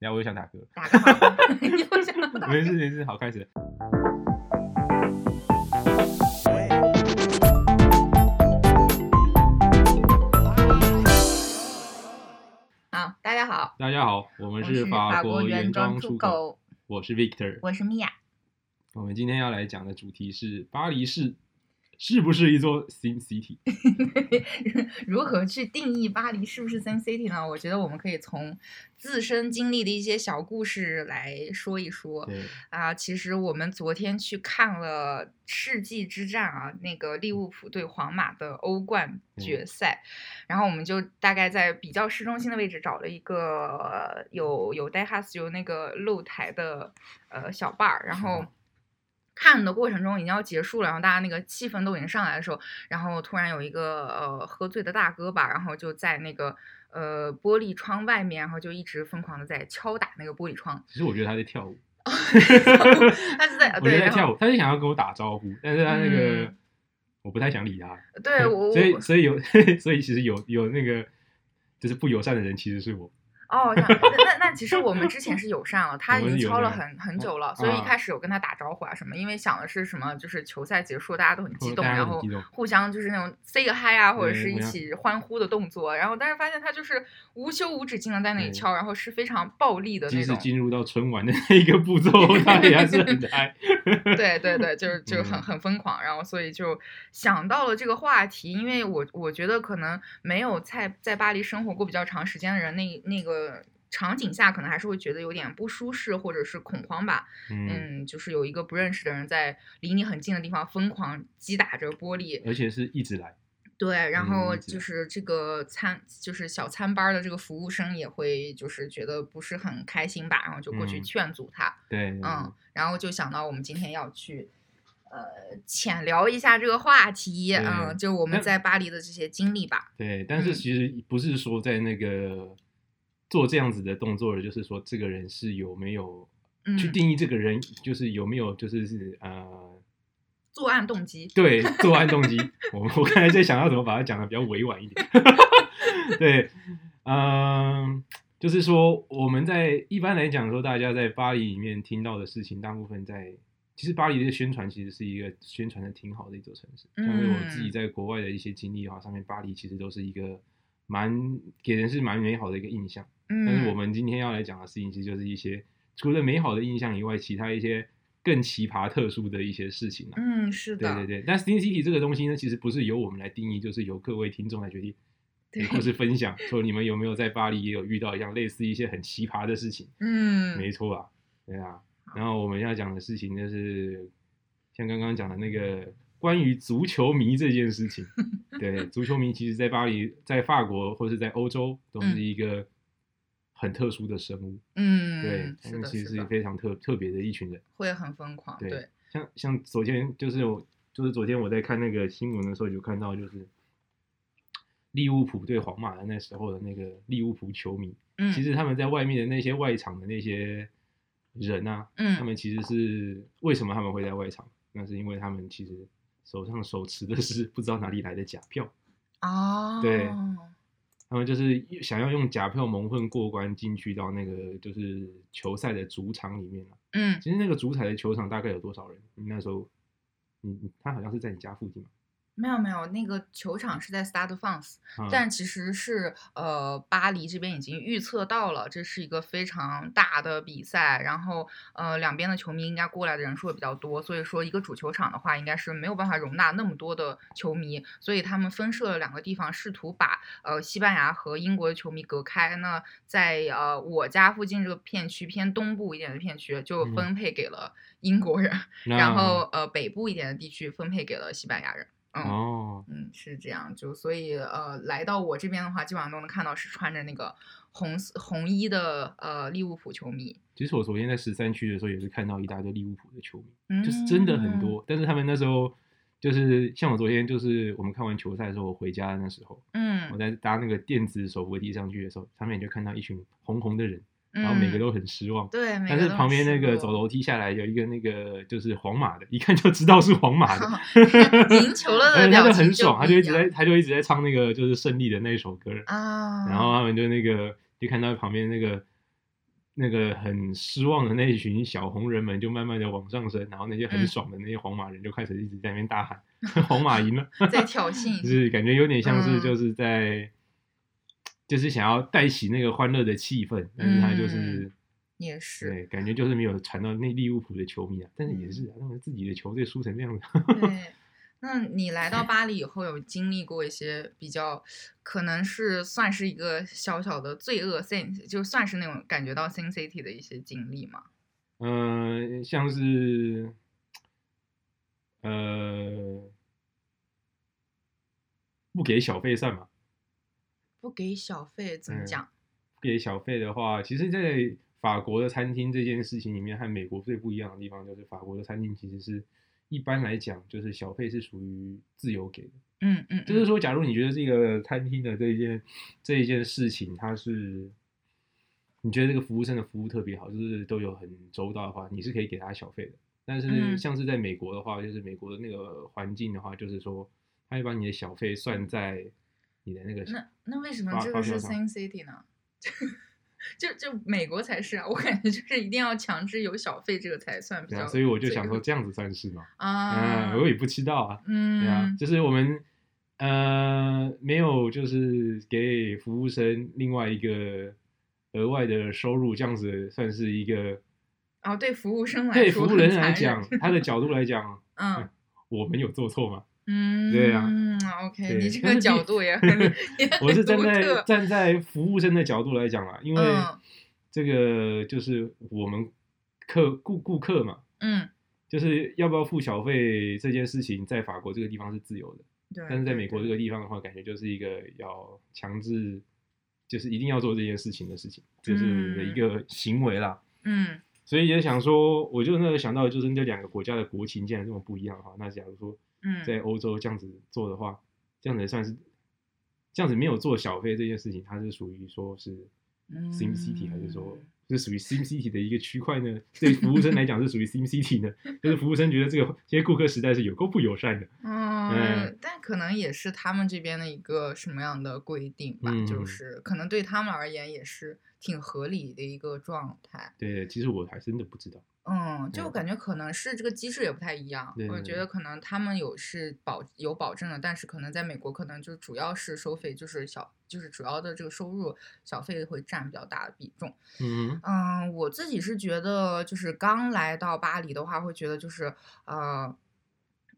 你看，我又想打嗝。打嗝 想打嗝。沒事，沒事，好，開始。喂好，大家好。大家好，我們是，我是法國原裝出口。我是 Victor，我是米婭。我們今天要來講的主題是巴黎市。是不是一座 “Sin City”？ 如何去定義巴黎是不是 “Sin City” 呢？我覺得我們可以從自身經歷的一些小故事來說一說。對啊，其實我們昨天去看了世紀之戰啊，那個利物浦對皇馬的歐冠決賽，嗯、然後我們就大概在比較市中心的位置找了一個有有戴哈斯 a 有那個露台的呃小 bar，兒然後。看的過程中已經要結束了，然後大家那個氣氛都已經上來的時候，然後突然有一個呃喝醉的大哥吧，然後就在那個呃玻璃窗外面，然後就一直瘋狂的在敲打那個玻璃窗。其實我覺得他在跳舞，哈哈哈他是在，對在跳舞，然後，他是想要跟我打招呼，但是他那個、嗯、我不太想理他。對我 所，所以所以有 所以其實有有那個就是不友善的人，其實是我。哦。對啊對 那其實我們之前是友善了，他已經敲了很很久了，所以一開始有跟他打招呼啊什麼，啊、因為想的是什麼，就是球賽結束大家都很激動，哦、大家很激動，然後互相就是那種 say 個 hi 啊、嗯、或者是一起歡呼的動作，嗯、然後但是發現他就是無休無止境的在那裡敲，嗯、然後是非常暴力的那種，即使進入到春晚的那一個步驟， 他也是很， 對對對，就是就是很很瘋狂，然後所以就想到了這個話題，因為我我覺得可能沒有在在巴黎生活過比較長時間的人那那個。場景下可能還是會覺得有點不舒適或者是恐慌吧，嗯，就是有一個不認識的人在離你很近的地方瘋狂擊打着玻璃，而且是一直來。對，然後就是這個餐，就是小餐吧的這個服務生也會就是覺得不是很開心吧，然後就過去勸阻他。對，嗯，然後就想到我們今天要去，呃，淺聊一下這個話題，嗯，就我們在巴黎的這些經歷吧，嗯。對，但是其實不是說在那個。做這樣子的動作的就是說這個人是有沒有去定義這個人，就是有沒有就是是、嗯、呃作案動機？對，作案動機。 我我剛才在想要怎麼把它講的比較委婉一點。 對，嗯、呃，就是說我們在一般來講說，大家在巴黎裡面聽到的事情，大部分在其實巴黎的宣傳其實是一個宣傳的挺好的一座城市。嗯嗯，我自己在國外的一些經歷的話，上面巴黎其實都是一個蠻給人是蠻美好的一個印象。但是我們今天要來講的事情，其實就是一些、嗯、除了美好的印象以外，其他一些更奇葩、特殊的一些事情了、啊。嗯，是的，對對對。但 Sin City 這個東西呢，其實不是由我們來定義，就是由各位聽眾來決定，對或是分享，說你們有沒有在巴黎也有遇到一樣類似一些很奇葩的事情？嗯，沒錯啊，對啊。然後我們要講的事情就是，像剛剛講的那個關於足球迷這件事情。嗯、對， 足球迷其實，在巴黎、在法國或是在歐洲，都是一個。嗯很特殊的生物，嗯，對，是的是的，他們其實是非常特的特別的一群人，會很瘋狂，對，對像像昨天就是我，就是昨天我在看那個新聞的時候，就看到就是利物浦對皇馬的那時候的那個利物浦球迷，嗯，其實他們在外面的那些外場的那些人啊，嗯，他們其實是為什麼他們會在外場？嗯，那是因為他們其實手上手持的是不知道哪裡來的假票，哦，對。然後就是想要用假票蒙混過關，進去到那個就是球賽的主場裡面啊，嗯，其實那個主場的球場大概有多少人？你那時候，你你他好像是在你家附近嘛？沒有沒有，那個球場是在 Stade France，但其實是呃巴黎這邊已經預測到了，這是一個非常大的比賽，然後呃兩邊的球迷應該過來的人數也比較多，所以說一個主球場的話應該是沒有辦法容納那麼多的球迷，所以他們分設了兩個地方，試圖把呃西班牙和英國的球迷隔開。那在呃我家附近這個片區偏東部一點的片區就分配給了英國人，嗯、然後好呃北部一點的地區分配給了西班牙人。嗯、哦，嗯，是這樣，就所以，呃，來到我這邊的話，基本上都能看到是穿着那個紅紅衣的呃利物浦球迷。其實我昨天在十三區的時候也是看到一大堆利物浦的球迷，嗯、就是真的很多。但是他們那時候就是像我昨天就是我們看完球賽的時候，我回家那時候，嗯，我在搭那個電子手扶梯上去的時候，上面就看到一群紅紅的人。然後每個都很失望，嗯、對。但是旁邊那個走樓梯下來有一個那個就是皇馬的，一看就知道是皇馬的，贏球、哦、 了，他就很爽，他就一直在，他就一直在唱那個就是勝利的那一首歌。哦、然後他們就那個就看到旁邊那個那個很失望的那一群小紅人們就慢慢的往上升，然後那些很爽的那些皇馬人就開始一直在那邊大喊：“皇、嗯、 馬贏了！” 在挑釁， 就是感覺有點像是就是在、嗯。就是想要帶起那個歡樂的氣氛，但是他就是、嗯、對也是對，感覺就是沒有傳到那利物浦的球迷啊。但是也是讓、啊嗯、自己的球隊輸成那樣子。 對，那你來到巴黎以後，有經歷過一些比較可能是算是一個小小的罪惡 sin 就算是那種感覺到 sin city 的一些經歷嗎？嗯、呃，像是呃，不給小費算嘛。不給小費怎麼講？嗯，給小費的話，其實，在法國的餐廳這件事情裡面，和美國最不一樣的地方，就是法國的餐廳其實是一般來講，就是小費是屬於自由給的。嗯嗯，嗯嗯就是說，假如你覺得這個餐廳的這一件這一件事情，它是你覺得這個服務生的服務特別好，就是都有很周到的話，你是可以給他小費的。但是，像是在美國的話，嗯、就是美國的那個環境的話，就是說，他會把你的小費算在。你的那個那那為什麼這個是 Sin City 呢？ 就就美國才是啊！我感覺就是一定要強制有小費，這個才算比較。所以我就想說，這樣子算是嗎？啊，嗯、我也不知道啊。嗯，對啊，就是我們呃沒有就是給服務生另外一個額外的收入，這樣子算是一個哦、啊，對服務生來對服務人來講，他的角度來講，嗯,嗯，我們有做錯嗎？嗯，對呀，啊嗯、OK，對你這個角度也很獨，我是站在 站在服務生的角度來講啦，嗯，因為這個就是我們客顧顧客嘛，嗯，就是要不要付小費這件事情，在法國這個地方是自由的，對。但是在美國這個地方的話，感覺就是一個要強制，就是一定要做這件事情的事情，嗯，就是的一個行為啦。嗯。所以也想說，我就那個想到，就是那兩個國家的國情竟然這麼不一樣哈。那假如說。嗯，在歐洲這樣子做的話，這樣子算是，這樣子沒有做小費這件事情，它是屬於說是，sin city、嗯、還是說，是屬於 sin city 的一個區塊呢？對服務生來講是屬於 sin city 呢？就 是服務生覺得這個這些顧客實在是有夠不友善的。嗯，嗯，但可能也是他們這邊的一個什麼樣的規定吧，嗯、就是可能對他們而言也是挺合理的一個狀態。對，其實我還真的不知道。嗯，就感覺可能是這個機製也不太一樣。嗯、我覺得可能他們有是保有保證的，但是可能在美國，可能就主要是收費，就是小，就是主要的這個收入小費會佔比較大的比重。嗯，嗯，我自己是覺得，就是剛來到巴黎的話，會覺得就是呃，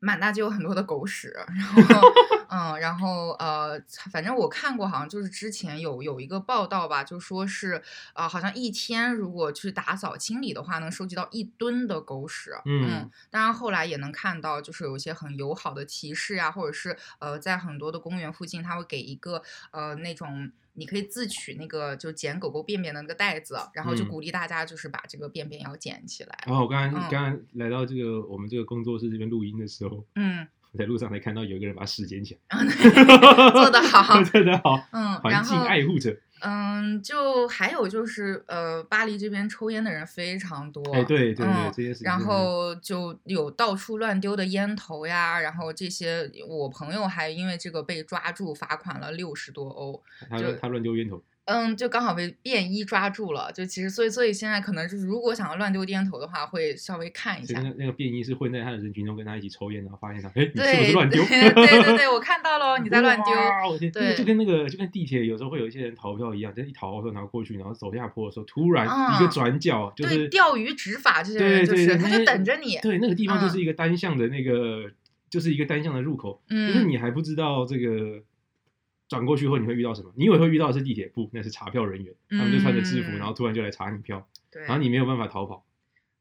滿大街有很多的狗屎，然後。 嗯，然後呃，反正我看過，好像就是之前有有一個報道吧，就說是呃，好像一天如果去打掃清理的話，能收集到一噸的狗屎。嗯，嗯，當然後來也能看到，就是有一些很友好的提示啊，或者是呃，在很多的公園附近，他會給一個呃那種你可以自取那個就撿狗狗便便的那個袋子，然後就鼓勵大家就是把這個便便要撿起來。嗯，然後我剛剛剛剛來到這個我們這個工作室這邊錄音的時候，嗯。嗯在路上還看到有一個人把屎撿起來， 做得好，做得好。嗯，然後愛護着。嗯，就還有就是，呃，巴黎這邊抽煙的人非常多，對對、哎、對，對對嗯、這些事情是。然後就有到處亂丟的煙頭呀，然後這些我朋友還因為這個被抓住罰款了六十多歐，他對他亂丟煙頭。嗯，就剛好被便衣抓住了。就其實，所以所以現在可能就是，如果想要亂丟煙頭的話，會稍微看一下。那個那個便衣是混在他的人群中，跟他一起抽煙，然後發現他，哎，你是不是亂丟？對對對，我看到了，你在亂丟。對，就跟那個，就跟地鐵有時候會有一些人逃票一樣，就一逃的時候，然後過去，然後走下坡的時候，突然一個轉角，就是釣魚執法這些人，對對，他就等着你。對，那個地方就是一個單向的那個，就是一個單向的入口，就是你還不知道這個。轉過去後，你會遇到什麼？你以為會遇到的是地鐵，不，那是查票人員，他們就穿着制服，嗯、然後突然就來查你票，對然後你沒有辦法逃跑。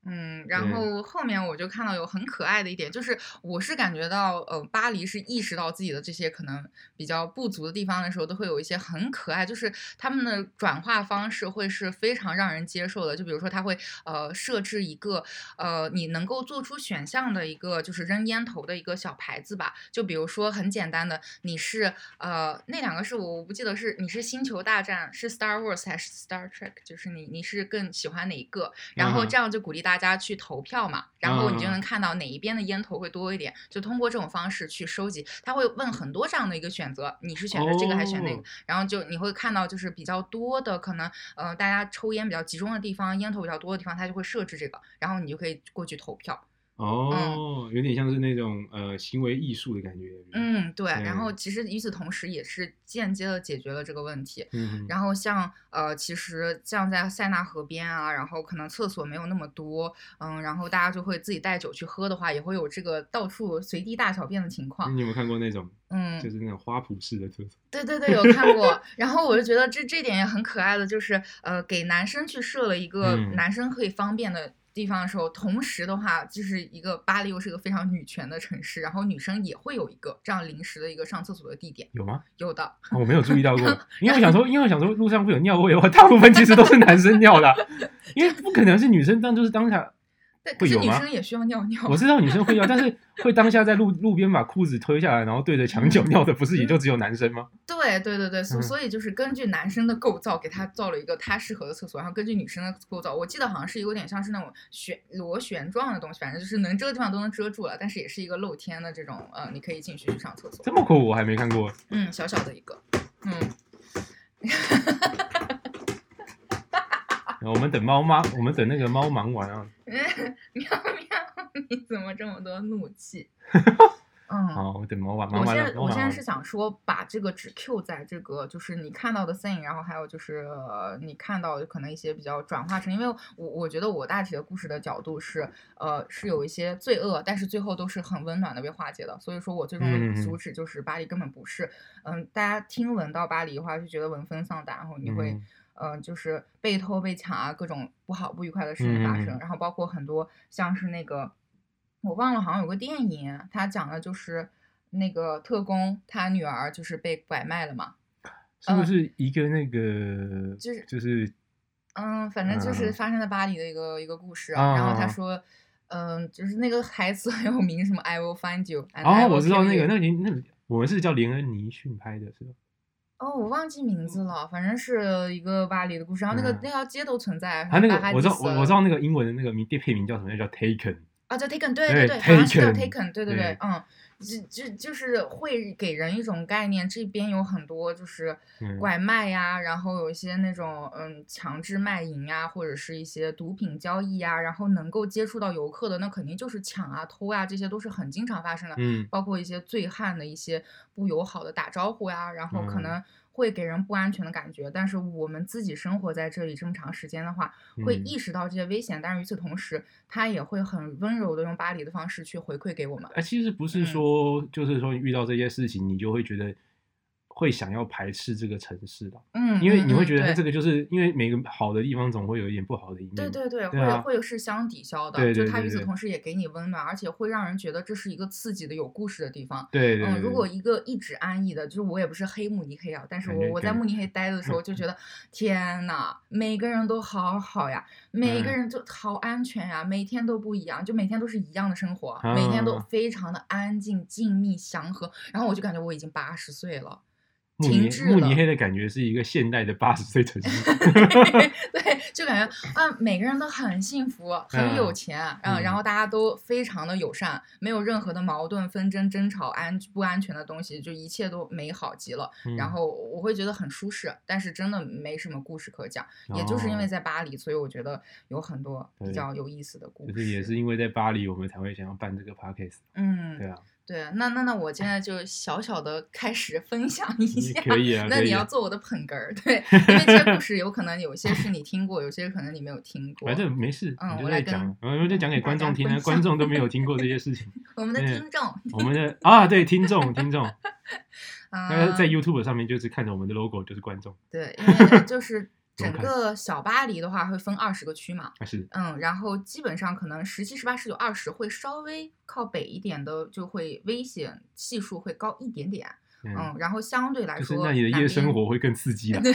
嗯，然後後面我就看到有很可愛的一點，嗯、就是我是感覺到，呃，巴黎是意識到自己的這些可能比較不足的地方的時候，都會有一些很可愛，就是他們的轉化方式會是非常讓人接受的。就比如說，他會呃設置一個呃你能夠做出選項的一個，就是扔煙頭的一個小牌子吧。就比如說很簡單的，你是呃那兩個是我我不記得是你是星球大戰是 Star Wars 還是 Star Trek，就是你你是更喜歡哪一個，嗯、然後這樣就鼓勵大家。大家去投票嘛，然後你就能看到哪一邊的煙頭會多一點，uh huh. 就通過這種方式去收集。他會問很多這樣的一個選擇，你是選擇這個還是選那個？Oh. 然後就你會看到，就是比較多的，可能呃，大家抽煙比較集中的地方，煙頭比較多的地方，他就會設置這個，然後你就可以過去投票。哦，oh, 嗯、有點像是那種呃行為藝術的感覺。嗯，對。嗯、然後其實與此同時，也是間接的解決了這個問題。嗯哼。然後像呃，其實像在塞納河邊啊，然後可能廁所沒有那麼多，嗯，然後大家就會自己帶酒去喝的話，也會有這個到處隨地大小便的情況。你有沒有看過那種？嗯，就是那種花圃式的廁所。對對對，有看過。 然後我就覺得這這點也很可愛的，就是呃，給男生去設了一個男生可以方便的、嗯。地方的時候，同時的話，就是一個巴黎又是個非常女權的城市，然後女生也會有一個這樣臨時的一個上廁所的地點，有嗎？有的、哦，我沒有注意到過， 因為我想說，因為我想說路上會有尿味的話，大部分其實都是男生尿的， 因為不可能是女生，但就是當下。對，可是女生也需要尿尿。我知道女生會尿， 但是會當下在路路邊把褲子推下來，然後對着牆角尿的，不是也就只有男生嗎？嗯、對對對對，所、嗯、所以就是根據男生的構造給他造了一個他適合的廁所，然後根據女生的構造，我記得好像是有點像是那種旋螺旋狀的東西，反正就是能遮的地方都能遮住了，但是也是一個露天的這種，呃，你可以進去去上廁所。這麼酷，我還沒看過。嗯，小小的一個，嗯。哈哈哈。我們等貓媽我們等那個貓忙完啊、嗯。喵喵，你怎麼這麼多怒氣？ 嗯，好，我等貓完。貓玩我現在，我現在是想說，把這個只 Q 在這個，就是你看到的 thing，然後還有就是、呃、你看到可能一些比較轉化成，因為我我覺得我大體的故事的角度是，呃，是有一些罪惡，但是最後都是很溫暖的被化解的。所以說我最終的主旨就是巴黎根本不是，嗯，嗯，大家聽聞到巴黎的話就覺得聞風喪膽，然後你會。嗯嗯、呃，就是被偷被搶啊，各種不好不愉快的事情發生，嗯、然後包括很多像是那個，我忘了，好像有個電影、啊，它講的就是那個特工他女兒就是被拐賣了嘛，是不是一個那個？就是、uh, 就是，嗯、就是呃，反正就是發生在巴黎的一個、嗯、一個故事啊。啊然後他說，嗯、呃，就是那個台詞很有名，什麼 “I will find you”、哦。然後我知道那個，那個那個那個、我們是叫連恩尼遜拍的是吧？哦，我忘記名字了，反正是一個巴黎的故事，嗯、然後那個那條街都存在。還、嗯、那個我知道，我知道那個英文的那個名配名叫什麼？叫 Taken。啊，叫 Taken，對對對，好像對是叫 Taken，對對對，對嗯。就就就是會給人一種概念，這邊有很多就是拐賣呀，嗯、然後有一些那種嗯強制賣淫呀，或者是一些毒品交易呀，然後能夠接觸到遊客的，那肯定就是搶啊、偷啊，這些都是很經常發生的。嗯、包括一些醉漢的一些不友好的打招呼呀，然後可能。會給人不安全的感覺，但是我們自己生活在這裡這麼長時間的話，會意識到這些危險。嗯、但是與此同時，他也會很溫柔的用巴黎的方式去回饋給我們。呃、其實不是說，嗯、就是說遇到這些事情，你就會覺得。會想要排斥這個城市的。嗯，因為你會覺得這個就是因為每個好的地方總會有一點不好的一面，對對對，會會有是相抵消的。對，它與此同時也給你溫暖，而且會讓人覺得這是一個刺激的、有故事的地方。對對。嗯，如果一個一直安逸的，就是我也不是黑慕尼黑啊，但是我我在慕尼黑待的時候就覺得，天哪，每個人都好好呀，每個人就好安全呀，每天都不一樣，就每天都是一樣的生活，每天都非常的安靜、靜謐、祥和。然後我就感覺我已經八十歲了。慕尼黑的感覺是一個現代的八十歲的， 對，就感覺啊，每個人都很幸福，很有錢，嗯，然後大家都非常的友善，沒有任何的矛盾、紛爭、爭吵，安不安全的東西，就一切都美好極了。嗯、然後我會覺得很舒適，但是真的沒什麼故事可講。嗯、也就是因為在巴黎，所以我覺得有很多比較有意思的故事。可是也是因為在巴黎，我們才會想要辦這個 podcast，嗯，對啊。對，那那那我現在就小小的開始分享一下，那你要做我的捧哏兒，對，因為這些故事有可能有些是你聽過，有些可能你沒有聽過，反正沒事，我就講，我就講給觀眾聽，觀眾都沒有聽過這些事情，我們的聽眾，我們的啊，對，聽眾，聽眾，啊，在 YouTube 上面就是看着我們的 logo 就是觀眾，對，因為就是。整個小巴黎的話，會分二十個區嘛？嗯，然後基本上可能十七、十八、十九、二十會稍微靠北一點的，就會危險係數會高一點點。嗯，然後相對來說，那你的夜生活會更刺激啊。對，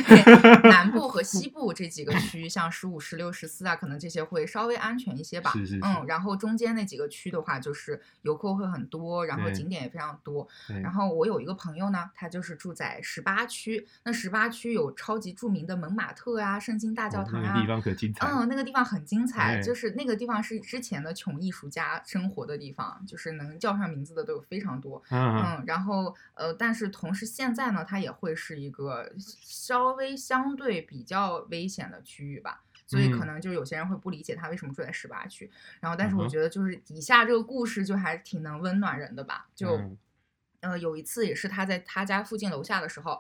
南部和西部這幾個區，像十五、十六、十四啊，可能這些會稍微安全一些吧。是是是嗯，然後中間那幾個區的話，就是遊客會很多，然後景點也非常多。嗯、然後我有一個朋友呢，他就是住在十八區。那十八區有超級著名的蒙馬特啊，聖心大教堂啊。哦、那個地方可精彩。嗯，那個地方很精彩，哎、就是那個地方是之前的窮藝術家生活的地方，就是能叫上名字的都有非常多。啊啊嗯。然後呃，但是。是同時現在呢，他也會是一個稍微相對比較危險的區域吧，所以可能就有些人會不理解他為什麼住在十八區。然後，但是我覺得就是以下這個故事就還挺能溫暖人的吧。就呃，有一次也是他在他家附近樓下的時候，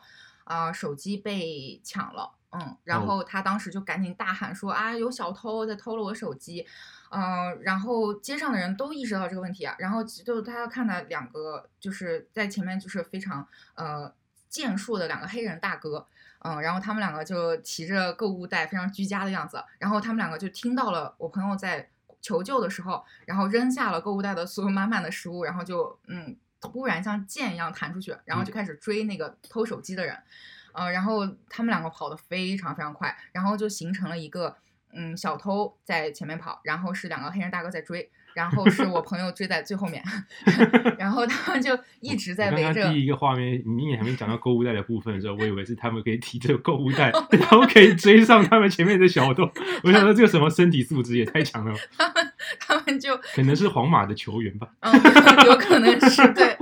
呃，啊手機被搶了，嗯，然後他當時就趕緊大喊說啊有小偷在偷了我手機。嗯、呃，然後街上的人都意識到這個問題啊，然後就他看到兩個就是在前面就是非常呃健碩的兩個黑人大哥，嗯、呃，然後他們兩個就提着購物袋，非常居家的樣子，然後他們兩個就聽到了我朋友在求救的時候，然後扔下了購物袋的所有滿滿的食物，然後就嗯突然像箭一樣彈出去，然後就開始追那個偷手機的人，嗯、呃，然後他們兩個跑得非常非常快，然後就形成了一個。嗯，小偷在前面跑，然後是兩個黑人大哥在追，然後是我朋友追在最後面， 然後他們就一直在圍着。剛剛第一個畫面，你也還沒講到購物袋的部分的時候，我以為是他們可以提着購物袋， 然後可以追上他們前面的小偷。 我想說，這個什麼身體素質也太強了吧！ 他們就可能是皇馬的球員吧，有、 嗯、可能是對，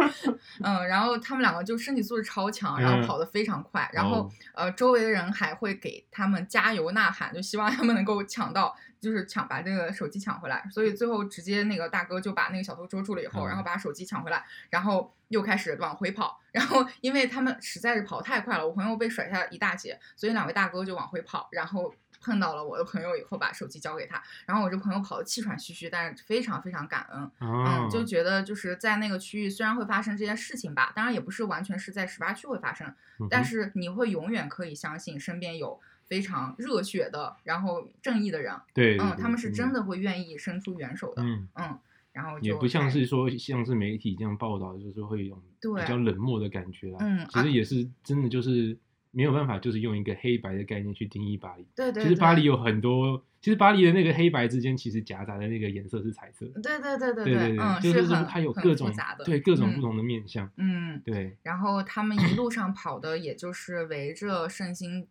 嗯，然後他們兩個就身體素質超強，然後跑得非常快，嗯、然後、哦、呃，周圍的人還會給他們加油吶喊，就希望他們能夠搶到，就是搶把這個手機搶回來，所以最後直接那個大哥就把那個小偷捉住了以後，然後把手機搶回來，然後又開始往回跑，哦、然後因為他們實在是跑太快了，我朋友被甩下一大截，所以兩位大哥就往回跑，然後。碰到了我的朋友以後，把手機交給他，然後我這朋友跑得氣喘吁吁，但是非常非常感恩，啊、嗯，就覺得就是在那個區域雖然會發生這件事情吧，當然也不是完全是在十八區會發生，嗯、哼但是你會永遠可以相信身邊有非常熱血的，然後正義的人，對，對，對，嗯，他們是真的會願意伸出援手的，嗯，嗯，然後就也不像是說像是媒體這樣報道，就是會有比較冷漠的感覺，嗯，對其實也是真的就是、啊。沒有辦法，就是用一個黑白的概念去定義巴黎。對對。其實巴黎有很多，其實巴黎的那個黑白之間，其實夾雜的那個顏色是彩色。對對對對對，嗯，是很它有各種雜的，對各種不同的面相。嗯，對。然後他們一路上跑的，也就是圍着聖心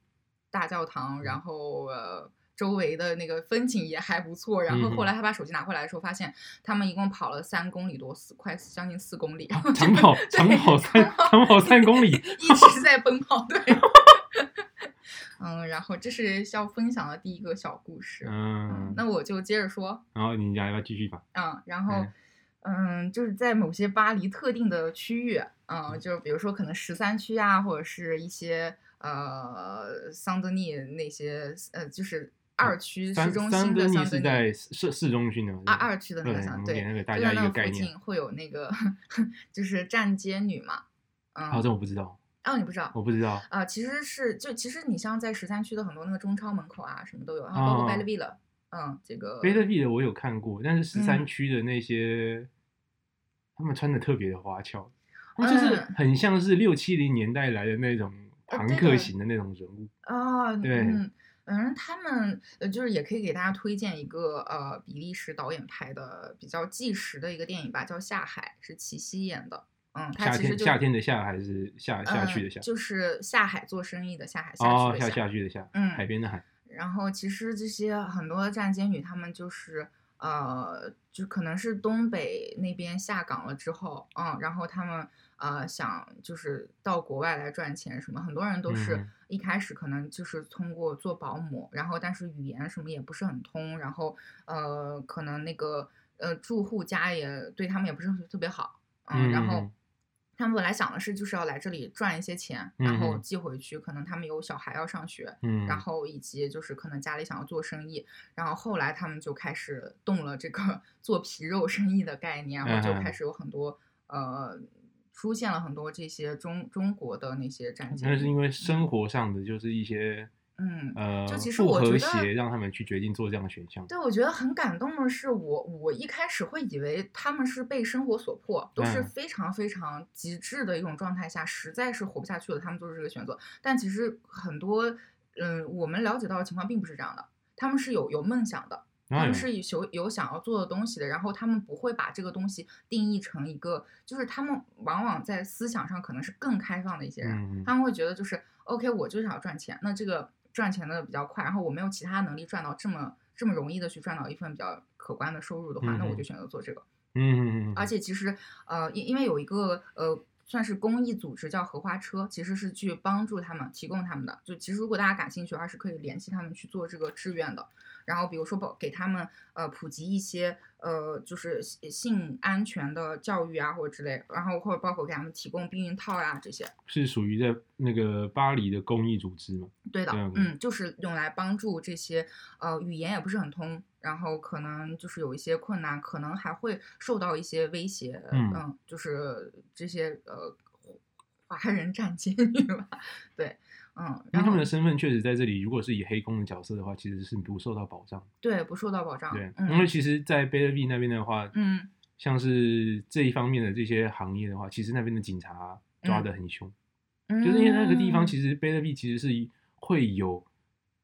大教堂，然後呃周圍的那個風景也還不錯。然後後來他把手機拿回來的時候，發現他們一共跑了三公里多，四快將近四公里。長跑，長跑三，長跑三公里，一直在奔跑。對。嗯，然後這是要分享的第一個小故事。嗯，嗯，那我就接着說。然後你來吧，繼續吧。嗯，然後，嗯，嗯嗯就是在某些巴黎特定的區域，嗯，嗯就比如說可能十三區啊，或者是一些呃，桑德尼那些，呃，就是二區市中心的桑德尼、啊、是在市市中心的二、啊、二區的那個，街，給大家一個概念，然附近會有那個就是站街女嘛？嗯，好、哦、這我不知道。哦，你不知道，我不知道啊、呃，其實是就其實你像在十三區的很多那個中超門口啊，什麼都有，然後包括貝特比了，嗯，這個貝特比的我有看過，但是十三區的那些、嗯、他們穿的特別的花俏，嗯、就是很像是六七零年代來的那種朋克型的那種人物啊，呃這個呃、對，反正、嗯嗯嗯、他們就是也可以給大家推薦一個呃比利時導演拍的比較紀實的一個電影吧，叫《下海》，是齊溪演的。嗯，他其實就夏，夏天夏天的夏還是下下去的下？嗯，就是下海做生意的下海。下下去的下，哦，下下去的下，嗯，海邊的海。然後其實這些很多站街女，她們就是呃，就可能是東北那邊下崗了之後，嗯，然後她們呃想就是到國外來賺錢什麼，很多人都是一開始可能就是通過做保姆，嗯，然後但是語言什麼也不是很通，然後呃可能那個呃住戶家也對他們也不是特別好，嗯，嗯然後，他們本來想的是，就是要來這裡賺一些錢，然後寄回去。嗯，可能他們有小孩要上學，嗯，然後以及就是可能家裡想要做生意，然後後來他們就開始動了這個做皮肉生意的概念，然後就開始有很多，嗯，呃，出現了很多這些中中國的那些戰。那是因為生活上的就是一些。嗯，就其實我覺得呃，我和諧讓他們去決定做這樣的選項。對，我覺得很感動的是我，我我一開始會以為他們是被生活所迫，都是非常非常極致的一種狀態下，嗯、實在是活不下去了，他們做出這個選擇。但其實很多，嗯，我們了解到的情況並不是這樣的，他們是有有夢想的，他們是有有想要做的東西的，然後他們不會把這個東西定義成一個，就是他們往往在思想上可能是更開放的一些人，嗯、他們會覺得就是、嗯、OK，我就想要賺錢，那這個。賺錢的比較快，然後我沒有其他能力賺到這麼這麼容易的去賺到一份比較可觀的收入的話，那我就選擇做這個。嗯嗯嗯。而且其實，呃，因因為有一個呃，算是公益組織叫荷花車，其實是去幫助他們提供他們的。就其實如果大家感興趣的話，是可以聯繫他們去做這個志願的。然後，比如說，包給他們呃普及一些呃，就是性安全的教育啊，或者之類。然後或者包括給他們提供避孕套呀、啊，這些。是屬於在那個巴黎的公益組織嗎？對的，嗯，就是用來幫助這些呃，語言也不是很通，然後可能就是有一些困難，可能還會受到一些威脅，嗯，嗯，就是這些呃華人站街女吧，對。嗯，哦、因為他們的身份確實在這裡，如果是以黑工的角色的話，其實是不受到保障。對，不受到保障。對，嗯、因為其實，在貝勒比那邊的話，嗯，像是這一方面的這些行業的話，其實那邊的警察抓得很凶，嗯、就是因為那個地方其實貝勒比其實是會有，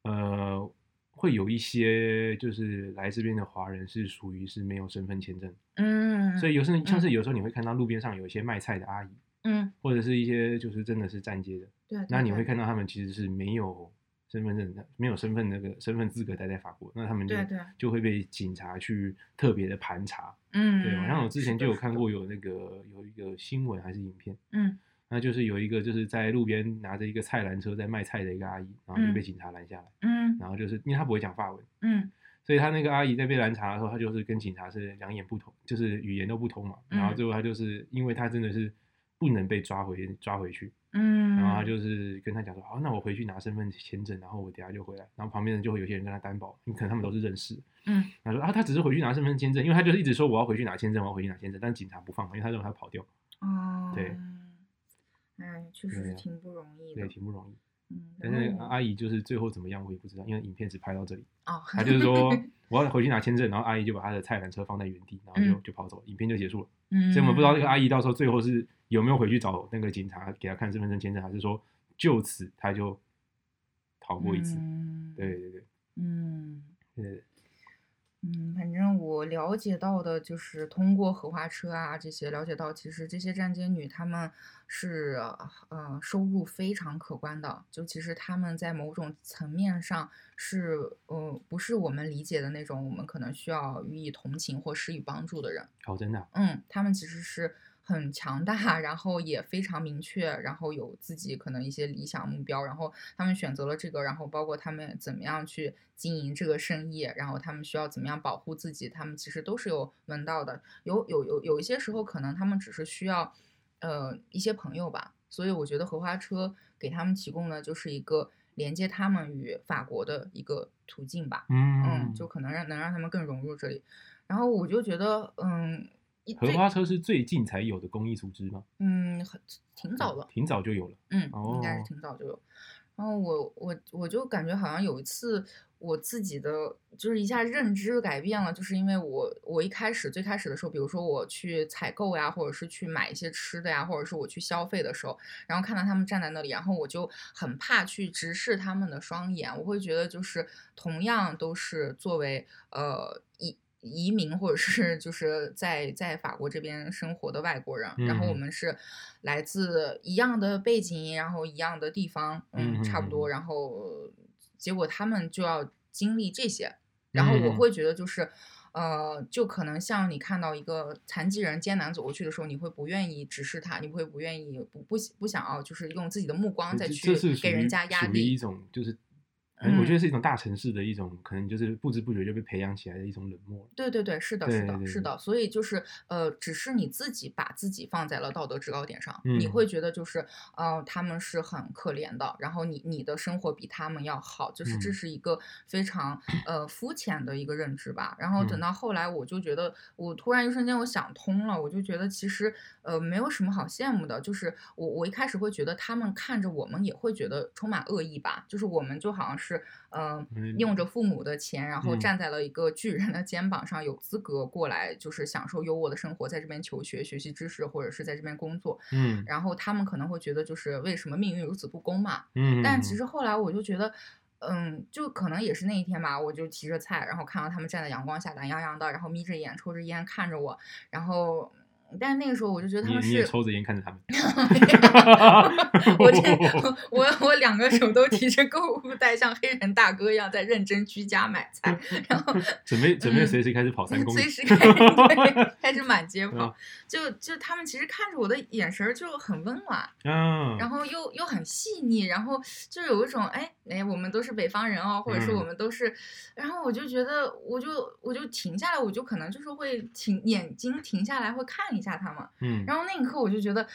呃，會有一些就是來這邊的華人是屬於是沒有身份簽證，嗯，所以有時候像是有時候你會看到路邊上有一些賣菜的阿姨。嗯，或者是一些就是真的是站街的，對，那你會看到他們其實是沒有身份證的，沒有身份，那個身份資格待在法國，那他們就就會被警察去特別的盤查，嗯，對，好像我之前就有看過有那個有一個新聞還是影片，嗯，那就是有一個就是在路邊拿着一個菜籃車在賣菜的一個阿姨，然後就被警察攔下來，嗯，然後就是因為他不會講法文，嗯，所以他那個阿姨在被攔查的時候，他就是跟警察是兩眼不同，就是語言都不通嘛，然後最後他就是因為他真的是。不能被抓回抓回去，嗯，然後他就是跟他講說，好、哦，那我回去拿身份簽證，然後我等下就回來。然後旁邊人就會有些人跟他擔保，你可能他們都是認識，嗯，他說啊，他只是回去拿身份簽證，因為他就是一直說我要回去拿簽證，我要回去拿簽證，但是警察不放，因為他認為他跑掉，哦，對，嗯確實、就是、挺不容易的，對，挺不容易，嗯，嗯但是阿姨就是最後怎麼樣，我也不知道，因為影片只拍到這裡，哦， 他就是說我要回去拿簽證，然後阿姨就把他的菜籃車放在原地，然後就、嗯、就跑走，影片就結束了，嗯，所以我們不知道那個阿姨到時候最後是。有沒有回去找那個警察給他看身份證、簽證，還是說就此他就逃過一次？對對、嗯、對，嗯對嗯，反正我了解到的就是通過荷花車啊這些了解到，其實這些站街女她們是呃收入非常可觀的，就其實他們在某種層面上是呃不是我們理解的那種，我們可能需要予以同情或施以幫助的人。哦，真的啊？嗯，他們其實是。很強大，然後也非常明確，然後有自己可能一些理想目標，然後他們選擇了這個，然後包括他們怎麼樣去經營這個生意，然後他們需要怎麼樣保護自己，他們其實都是有門道的。有有有有一些時候可能他們只是需要，呃，一些朋友吧。所以我覺得荷花車給他們提供的就是一個連接他們與法國的一個途徑吧。嗯嗯，就可能讓能讓他們更融入這裡。然後我就覺得，嗯。荷花車是最近才有的公益組織嗎？嗯，很挺早了、哦，挺早就有了。嗯，應該是挺早就有。哦、然後我我我就感覺好像有一次我自己的就是一下認知改變了，就是因為我我一開始最開始的時候，比如說我去採購呀，或者是去買一些吃的呀，或者是我去消費的時候，然後看到他們站在那裡，然後我就很怕去直視他們的雙眼，我會覺得就是同樣都是作為呃一。移民或者是就是在在法國這邊生活的外國人，然後我們是來自一樣的背景，然後一樣的地方，嗯，差不多。然後結果他們就要經歷這些，然後我會覺得就是，呃，就可能像你看到一個殘疾人艱難走過去的時候，你會不願意直視他，你會不願意不不不想要就是用自己的目光再去給人家壓力，屬於一種就是。我覺得是一種大城市的一種，嗯、可能就是不知不覺就被培養起來的一種冷漠。對對對，是的，是的，對對對對是的。所以就是呃，只是你自己把自己放在了道德制高點上，嗯、你會覺得就是呃，他們是很可憐的，然後你你的生活比他們要好，就是這是一個非常、嗯、呃膚淺的一個認知吧。然後等到後來，我就覺得我突然一瞬間我想通了，嗯、我就覺得其實呃沒有什麼好羨慕的，就是我我一開始會覺得他們看着我們也會覺得充滿惡意吧，就是我們就好像。是。嗯，用着父母的錢，然後站在了一個巨人的肩膀上，有資格過來就是享受優渥的生活，在這邊求學、學習知識，或者是在這邊工作。嗯，然後他們可能會覺得，就是為什麼命運如此不公嘛。嗯，但其實後來我就覺得，嗯，就可能也是那一天吧，我就提着菜，然後看到他們站在陽光下，懶洋洋的，然後眯着眼抽着煙看着我，然後。但是那個時候，我就覺得他們是你你也抽着煙看着他們。 我這我我兩個手都提着購物袋，像黑人大哥一樣在認真居家買菜，然後準備準備隨時開始跑三公里，嗯、隨時開始對開始滿街跑。啊、就就他們其實看着我的眼神就很溫暖，啊、然後又又很細膩，然後就有一種哎。哎，我們都是北方人哦，或者說我們都是，嗯，然後我就覺得，我就我就停下來，我就可能就是會停眼睛停下來，會看一下他們。嗯，然後那一刻我就覺得，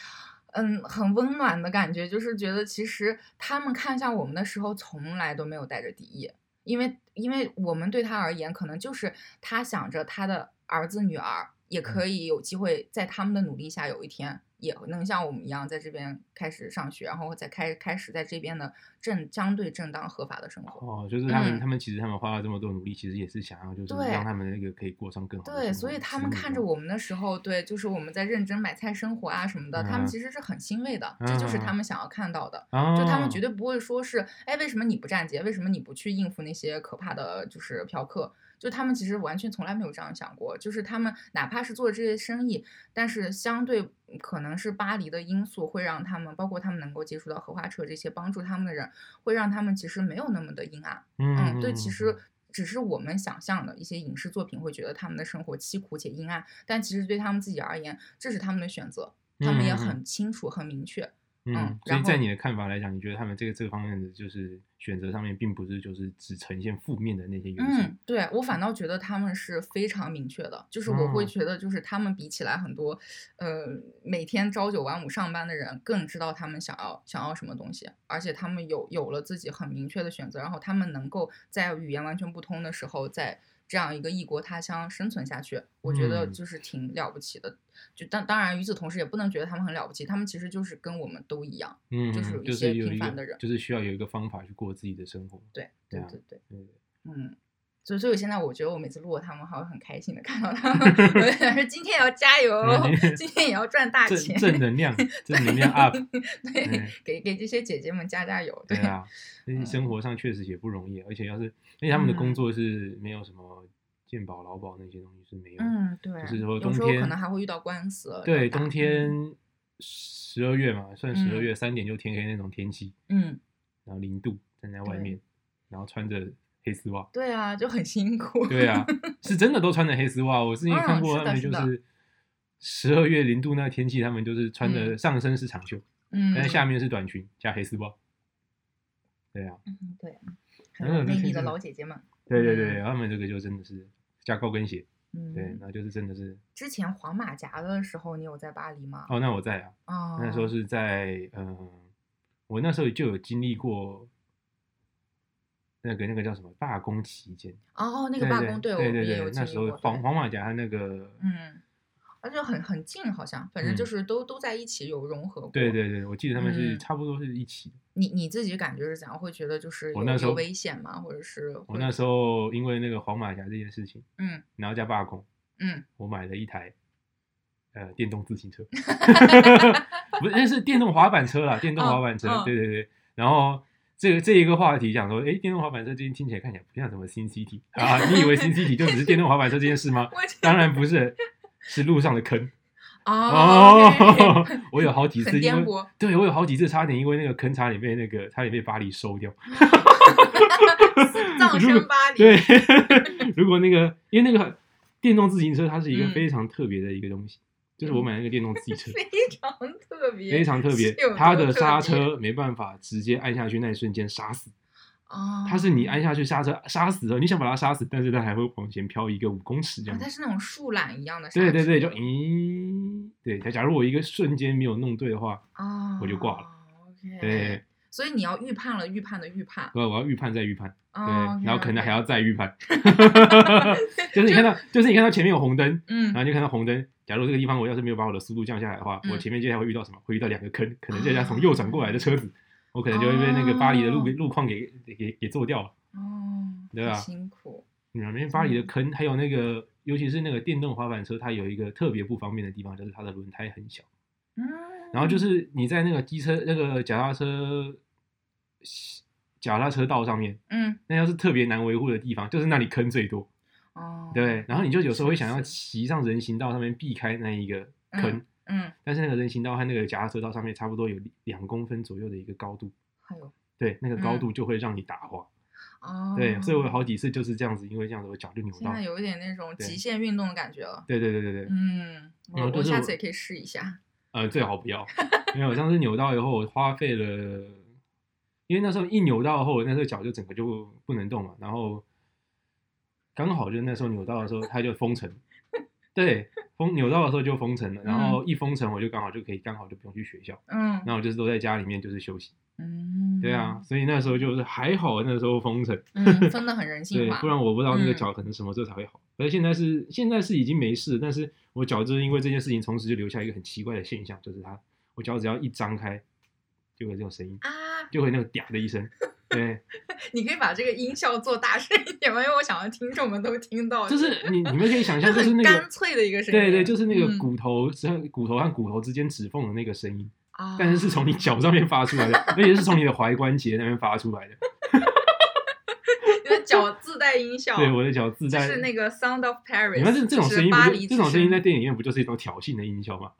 嗯，很溫暖的感覺，就是覺得其實他們看向我們的時候，從來都沒有帶着敵意，因為因為我們對他而言，可能就是他想着他的兒子女兒也可以有機會在他們的努力下有一天。嗯嗯也能像我們一樣在這邊開始上學，然後再開開始在這邊的正相對正當合法的生活。哦，就是他們、嗯、他們其實他們花了這麼多努力，其實也是想要就是讓他們那個可以過上更好的。對，所以他們看着我們的時候，對，就是我們在認真買菜生活啊什麼的，嗯、他們其實是很欣慰的，嗯、這就是他們想要看到的。嗯、就他們絕對不會說是，哎，為什麼你不站街？為什麼你不去應付那些可怕的就是嫖客？就他們其實完全從來沒有這樣想過，就是他們哪怕是做這些生意，但是相對可能是巴黎的因素會讓他們，包括他們能夠接觸到荷花車這些幫助他們的人，會讓他們其實沒有那麼的陰暗。嗯，對，其實只是我們想象的一些影視作品會覺得他們的生活淒苦且陰暗，但其實對他們自己而言，這是他們的選擇，他們也很清楚、很明確。嗯，所以在你的看法來講，嗯、你覺得他們這個這個方面的就是選擇上面，並不是就是只呈現負面的那些遊戲？嗯，對，我反倒覺得他們是非常明確的，就是我會覺得就是他們比起來很多，啊、呃，每天朝九晚五上班的人更知道他們想要想要什麼東西，而且他們有有了自己很明確的選擇，然後他們能夠在語言完全不通的時候在。這樣一個異國他鄉生存下去，我覺得就是挺了不起的。嗯、就當當然，與此同時，也不能覺得他們很了不起，他們其實就是跟我們都一樣，嗯、就是有一些平凡的人就，就是需要有一個方法去過自己的生活。對、這樣、對對對，嗯。嗯所以，所以我現在我覺得，我每次路過他們，好像很開心的看到他們。我想說，今天也要加油，今天也要賺大錢，正能量，正能量 up。對，給給這些姐姐們加加油。對啊，生活上確實也不容易，而且要是，因為他們的工作是沒有什麼健保、勞保那些東西是沒有的。嗯，對。就是說，冬天可能還會遇到官司。對，冬天十二月嘛，算十二月三點就天黑那種天氣。嗯。然後零度站在外面，然後穿着。黑絲襪，對啊，就很辛苦。對啊，是真的都穿着黑絲襪。我之前看過他們，就是十二月零度那天氣，他們就是穿着上身是長袖，嗯，但是下面是短裙加黑絲襪。對啊，嗯，對，很美麗的老姐姐們。對對對，他們這個就真的是加高跟鞋，嗯，對，那就是真的是。之前黃馬甲的時候，你有在巴黎嗎？哦，那我在啊，哦，那時候是在嗯，我那時候就有經歷過。那個那個叫什麼罷工期間哦，那個罷工，對對對，那時候黃黃馬甲和那個嗯，而且很很近，好像反正就是都都在一起有融合過。對對對，我記得他們是差不多是一起。你你自己感覺是怎樣？會覺得就是有危險嗎？或者是，我那時候因為那個黃馬甲這件事情，嗯，然後叫罷工，嗯，我買了一台呃電動自行車，不是，那是電動滑板車啦，電動滑板車，對對對，然後。這個、這一個話題，講說，哎，電動滑板車最近聽起來看起來不像什麼 sin city 啊。你以為 sin city 就只是電動滑板車這件事嗎？當然不是，是路上的坑哦，oh, okay. 我有好幾次因為，對，我有好幾次差點因為那個坑，差點被那個差點被巴黎收掉，葬 身 巴黎。對，如果那個因為那個電動自行車，它是一個非常特別的一個東西。嗯就是我買那個電動自行車、嗯，非常特別，非常特別。特別它的剎車沒辦法直接按下去，那一瞬間殺死。啊、哦，它是你按下去剎車殺死的，你想把它殺死，但是它還會往前飄一個五公尺這樣。它、哦、是那種樹懶一樣的。對對對，就咦、嗯，對，假假如我一個瞬間沒有弄對的話，哦、我就掛了。okay. 對。所以你要預判了，預判的預判。對，我要預判再預判。對。然後可能還要再預判。哈哈哈！就是你看到，就是你看到前面有紅燈，嗯，然後你看到紅燈，假如這個地方我要是沒有把我的速度降下來的話，我前面接下來會遇到什麼？會遇到兩個坑，可能接下來從右轉過來的車子，我可能就會被那個巴黎的路路況給給給給坐掉了。哦。對啊。辛苦。你那邊巴黎的坑，還有那個，尤其是那個電動滑板車，它有一個特別不方便的地方，就是它的輪胎很小。嗯，然後就是你在那個機車、那個腳踏車、腳踏車道上面，嗯，那要是特別難維護的地方，就是那裡坑最多。哦，對，然後你就有時候會想要騎上人行道上面避開那一個坑，嗯，嗯，但是那個人行道和那個腳踏車道上面差不多有兩公分左右的一個高度，還有、哎呦，對，那個高度就會讓你打滑。哦、嗯，對，所以我有好幾次就是這樣子，因為這樣子我腳就扭到。現在有一點那種極限運動的感覺了。對對對對對。嗯，然後就是、我下次也可以試一下。呃，最好不要，因為我上次扭到以後，我花費了，因為那時候一扭到以後，我那時候腳就整個就不能動嘛，然後剛好就那時候扭到的時候，它就封城，對，封扭到的時候就封城了，然後一封城，我就剛好就可以，嗯，剛好就不用去學校，嗯，然後我就是都在家裡面就是休息，嗯。對啊，所以那時候就是還好，那時候封城，真的、嗯、很人性化， 不然我不知道那個腳可能什麼時候才會好。所以、嗯、現在是現在是已經沒事，但是我腳就是因為這件事情，同時就留下一個很奇怪的現象，就是它，我腳只要一張開，就會這種聲音，啊、就會那種嗲的一聲。對， 你可以把這個音效做大聲一點嗎？因為我想要聽眾們都聽到的。 就是你你們可以想象，就是那個乾脆的一個聲音，對，對對，就是那個骨頭、嗯、骨頭和骨頭之間指縫的那個聲音。但是是從你腳上面發出來的， 而且是從你的踝關節那邊發出來的。 你的腳自帶音效，對，我的腳自帶是那個《Sound of Paris》。你看這這種聲音，這種聲音在電影院不就是一種挑釁的音效嗎？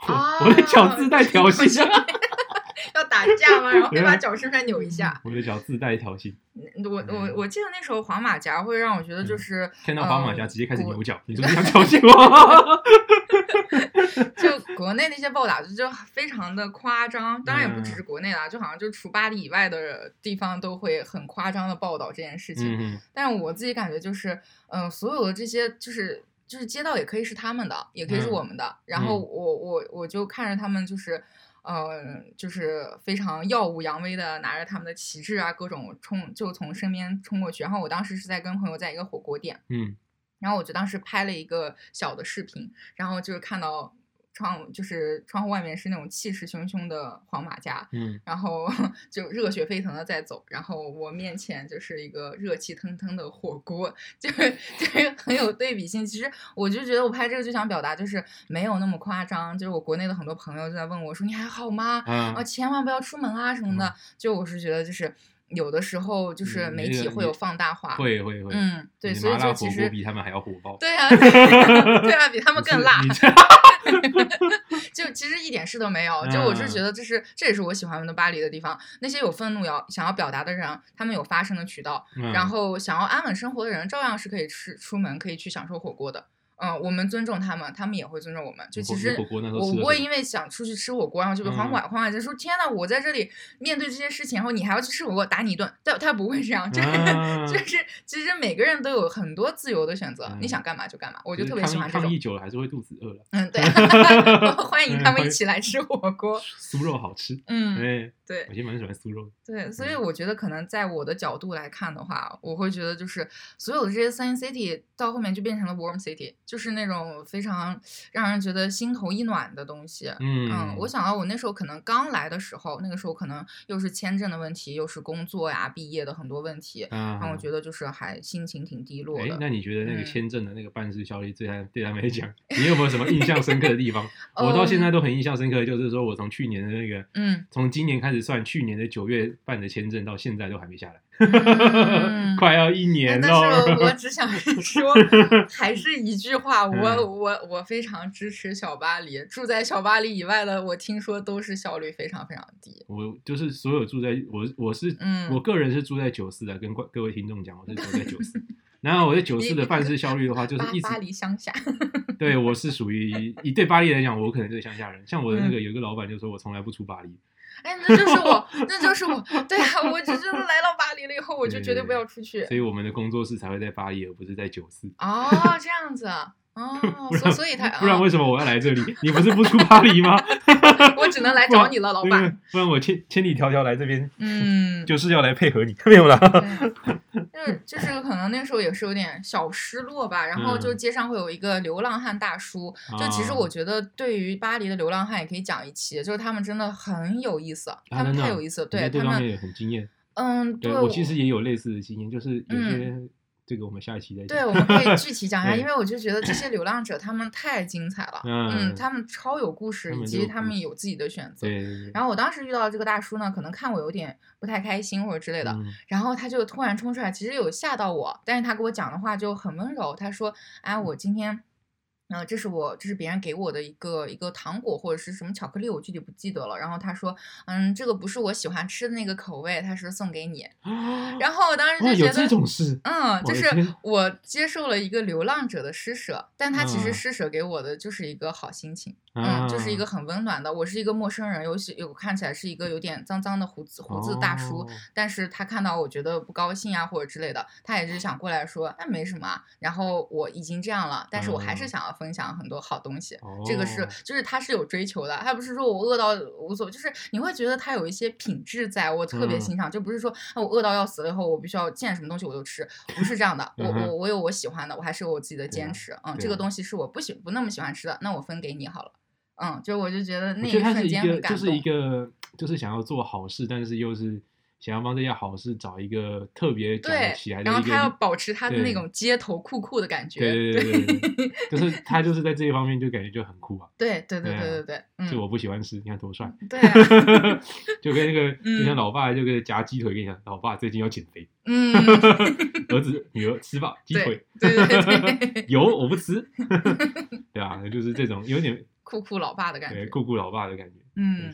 我的腳自帶挑釁。 打架嗎？然後得把腳伸出來扭一下。我的腳自帶一條筋。我我我記得那時候黃馬甲會讓我覺得就是。天、嗯、到黃馬甲直接開始扭腳，你這想挑釁我。就，條條 就國內那些暴打就非常的誇張，當然也不只是國內啦，嗯、就好像就除巴黎以外的地方都會很誇張的報道這件事情。嗯、但是我自己感覺就是，嗯、呃，所有的這些就是就是街道也可以是他們的，也可以是我們的。嗯、然後我我我就看着他們就是。呃，就是非常耀武揚威的，拿着他們的旗幟啊，各種衝，就從身邊衝過去。然後我當時是在跟朋友在一個火鍋店，嗯，然後我就當時拍了一個小的視頻，然後就是看到。窗就是窗戶外面是那種氣勢洶洶的黃馬甲，嗯，然後就熱血沸騰的在走，然後我面前就是一個熱氣騰騰的火鍋，就是就是很有對比性。 其實我就覺得我拍這個就想表達，就是沒有那麼誇張。就是我國內的很多朋友就在問我說：“你還好嗎？嗯，啊，千萬不要出門啊什麼的。”就我是覺得就是。有的時候就是媒體會有放大化，嗯、會會會，嗯，對，所以就其實比他們還要火爆，對啊，對啊， 比他們更辣， 就其實一點事都沒有，就我是覺得這是、嗯、這也是我喜歡的巴黎的地方，那些有憤怒要想要表達的人，他們有發聲的渠道，然後想要安穩生活的人，照樣是可以吃、出門、可以去享受火鍋的。嗯，我們尊重他們，他們也會尊重我們。就其實火鍋那時候我不會因為想出去吃火鍋，然後就被晃啊晃啊，嗯、就說天吶，我在這裡面對這些事情，然後你還要去吃火鍋打你一頓，他他不會這樣。就是、啊、 就是，其實每個人都有很多自由的選擇，嗯、你想幹嘛就幹嘛。我就特別喜歡這種。抗議久了還是會肚子餓了 嗯，對， 歡迎他們一起來吃火鍋。嗯、酥肉好吃，嗯，對，我其實蠻喜歡酥肉對、嗯、對，所以我覺得可能在我的角度來看的話，我會覺得就是所有的這些 Sin City 到後面就變成了 Warm City。就是那種非常讓人覺得心頭一暖的東西，嗯，嗯我想到、啊、我那時候可能剛來的時候，那個時候可能又是簽證的問題，又是工作呀、畢業的很多問題，讓、啊、我覺得就是還心情挺低落的。哎，那你覺得那個簽證的那個辦事效率，嗯、對他對他來講，你有沒有什麼印象深刻的地方？ 我到現在都很印象深刻，就是說我從去年的那個，嗯，從今年開始算，去年的九月辦的簽證到現在都還沒下來。哈哈哈哈哈！ 嗯、快要一年了，但是我，我只想說， 還是一句話，我我我非常支持小巴黎。住在小巴黎以外的，我聽說都是效率非常非常低。我就是所有住在我我是，嗯，我個人是住在九四的，跟各位聽眾講，我是住在九四。 然後我在九四的辦事效率的話，就是一直巴黎鄉下， 對，我是屬於，一對巴黎來講，我可能就是鄉下人。像我的那個、嗯、有一個老闆就說，我從來不出巴黎。哎，那就是我，那就是我，對啊，我就是來到巴黎了以後， 我就絕對不要出去。所以我們的工作室才會在巴黎，而不是在九四。哦，這樣子啊，哦，然所以他，哦、不然為什麼我要來這裡？你不是不出巴黎嗎？ 我只能來找你了，啊、老闆。不然我千千里迢迢來這邊，嗯，就是要來配合你，沒有了。 就，就是可能那時候也是有點小失落吧，然後就街上會有一個流浪漢大叔。嗯、就其實我覺得，對於巴黎的流浪漢也可以講一期，啊、就是他們真的很有意思，啊、他們太有意思了，啊、對他們也很驚豔。嗯，對，對我，我其實也有類似的經驗，就是有些、嗯。這個我們下一期再講。對，我們可以具體講一下， 對因為我就覺得這些流浪者他們太精彩了，嗯，嗯，他們超有故事，以及他們有自己的選擇。對然後我當時遇到這個大叔呢，可能看我有點不太開心或者之類的，嗯、然後他就突然衝出來，其實有嚇到我，但是他給我講的話就很溫柔，他說：“哎，我今天。”然這是我，這是別人給我的一個一個糖果或者是什麼巧克力，我具體不記得了。然後他說，嗯，這個不是我喜歡吃的那個口味，他說送給你。哦、然後我當時就覺得，哦、嗯，就是我接受了一個流浪者的施捨，但他其實施捨給我的就是一個好心情。哦嗯，就是一個很溫暖的。我是一個陌生人，尤其有看起來是一個有點髒髒的鬍子鬍子大叔，但是他看到我覺得不高興啊或者之類的，他也是想過來說，那沒什麼。然後我已經這樣了，但是我還是想要分享很多好東西。嗯，這個是就是他是有追求的，他不是說我餓到無所就是你會覺得他有一些品質在我特別欣賞，就不是說那我餓到要死了以後我必須要見什麼東西我就吃，不是這樣的。我我我有我喜歡的，我還是有我自己的堅持。嗯，嗯，這個東西是我不喜不那麼喜歡吃的，那我分給你好了。嗯，就我就覺得那，我覺得他是一個，就是一個，就是想要做好事，但是又是想要幫這些好事找一個特別講起來，然後他要保持他的那種街頭酷酷的感覺，對對，對對對對， 就是他就是在這一方面就感覺就很酷啊，對對對對對對，對啊嗯、就我不喜歡吃，你看多帥，對， 就跟那個、嗯、就像老爸就跟夾雞腿跟你講，老爸最近要減肥，嗯， 兒子女兒吃吧雞腿，對對對，油我不吃， 對吧，啊？就是這種有點。酷酷老爸的感覺，酷酷老爸的感覺，嗯，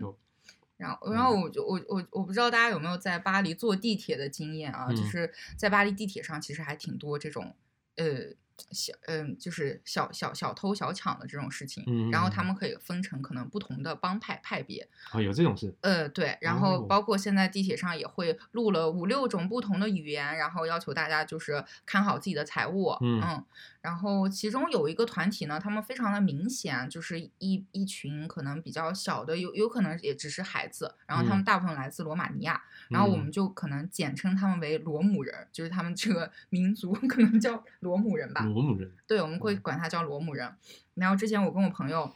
然後，然後我就，我，我，我不知道大家有沒有在巴黎坐地鐵的經驗啊？就是在巴黎地鐵上，其實還挺多這種，呃。小嗯，就是小小小偷小搶的這種事情，嗯、然後他們可以分成可能不同的幫派派別。啊、哦，有這種事？呃，對。然後包括現在地鐵上也會錄了五六種不同的語言，然後要求大家就是看好自己的財物。嗯。嗯、然後其中有一個團體呢，他們非常的明顯，就是一一群可能比較小的，有有可能也只是孩子。然後他們大部分來自羅馬尼亞，嗯、然後我們就可能簡稱他們為羅姆人，嗯、就是他們這個民族可能叫羅姆人吧。羅姆人，對，我們會管他叫羅姆人。嗯、然後之前我跟我朋友，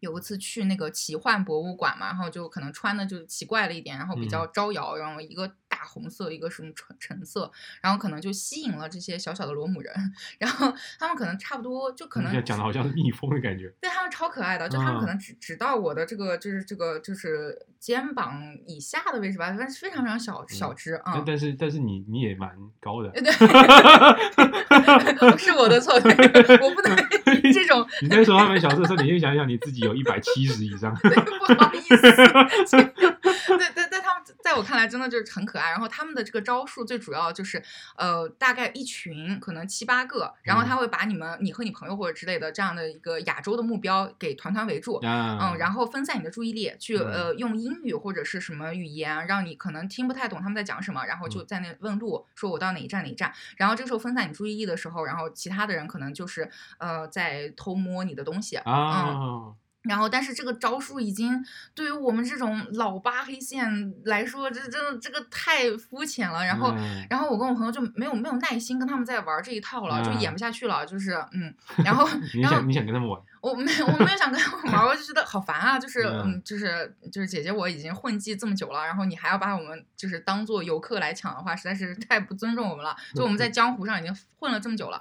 有一次去那個奇幻博物館嘛，然後就可能穿的就奇怪了一點，然後比較招搖，嗯、然後一個。大紅色一個什麼橙橙色，然後可能就吸引了這些小小的羅姆人，然後他們可能差不多就可能講的好像是蜜蜂的感覺。對，他們超可愛的，啊、就他們可能只只到我的這個就是這個就是肩膀以下的位置吧，但是非常非常小小隻啊、嗯嗯。但是但是你你也蠻高的。哈哈哈哈哈！ 是我的錯，對，我不能 這種。你那時候還沒小的時候， 你就想想你自己有一百七十以上 對，不好意思。對，對，但他們在我看來真的就是很可愛。然後他們的這個招數最主要就是，呃，大概一群可能七八個，然後他會把你們、你和你朋友或者之類的這樣的一個亞洲的目標給團團圍住，嗯，然後分散你的注意力，去呃用英語或者是什麼語言讓你可能聽不太懂他們在講什麼，然後就在那問路，說我到哪一站哪一站，然後這時候分散你注意力的時候，然後其他的人可能就是呃在偷摸你的東西啊。嗯。然後，但是這個招數已經對於我們這種老八黑線來說，這真的這個太膚淺了。然後，然後我跟我朋友就沒有沒有耐心跟他們再玩這一套了，就演不下去了。就是，嗯，然後，然後， 你想，你想跟他們玩？ 我沒，我沒有想跟他們玩，我就覺得好煩啊！就是，嗯，就是，就是姐姐，我已經混跡這麼久了，然後你還要把我們就是當做遊客來搶的話，實在是太不尊重我們了。就我們在江湖上已經混了這麼久了，